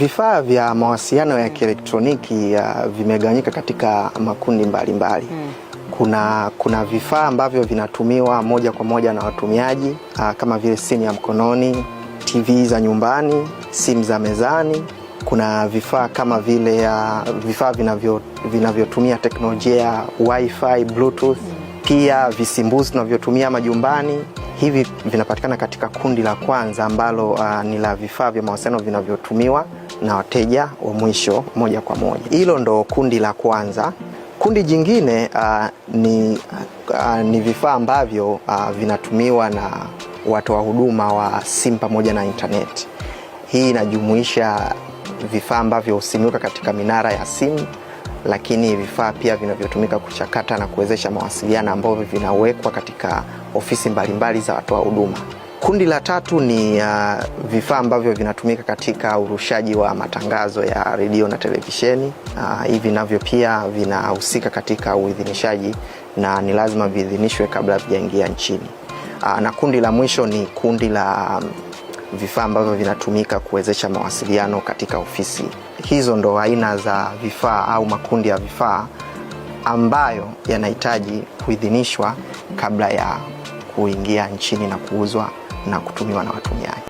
Vifaa vya mawasiliano ya kielektroniki uh, vimegawanyika katika makundi mbalimbali mbali. Hmm. Kuna, kuna vifaa ambavyo vinatumiwa moja kwa moja na watumiaji uh, kama vile simu ya mkononi, TV za nyumbani, simu za mezani. Kuna vifaa kama vile uh, vifaa vinavyo vinavyotumia teknolojia ya wifi, bluetooth. Pia visimbuzi tunavyotumia majumbani hivi vinapatikana katika kundi la kwanza ambalo uh, ni la vifaa vya mawasiliano vinavyotumiwa na wateja wa mwisho moja kwa moja. Hilo ndo kundi la kwanza. Kundi jingine uh, ni, uh, ni vifaa ambavyo uh, vinatumiwa na watoa huduma wa simu pamoja na intaneti. Hii inajumuisha vifaa ambavyo husimikwa katika minara ya simu, lakini vifaa pia vinavyotumika kuchakata na kuwezesha mawasiliano ambavyo vinawekwa katika ofisi mbalimbali za watoa huduma. Kundi la tatu ni uh, vifaa ambavyo vinatumika katika urushaji wa matangazo ya redio na televisheni. Uh, hivi navyo pia vinahusika katika uidhinishaji na ni lazima viidhinishwe kabla vijaingia nchini. Uh, na kundi la mwisho ni kundi la um, vifaa ambavyo vinatumika kuwezesha mawasiliano katika ofisi. Hizo ndo aina za vifaa au makundi ya vifaa ambayo yanahitaji kuidhinishwa kabla ya kuingia nchini na kuuzwa na kutumiwa na watumiaji.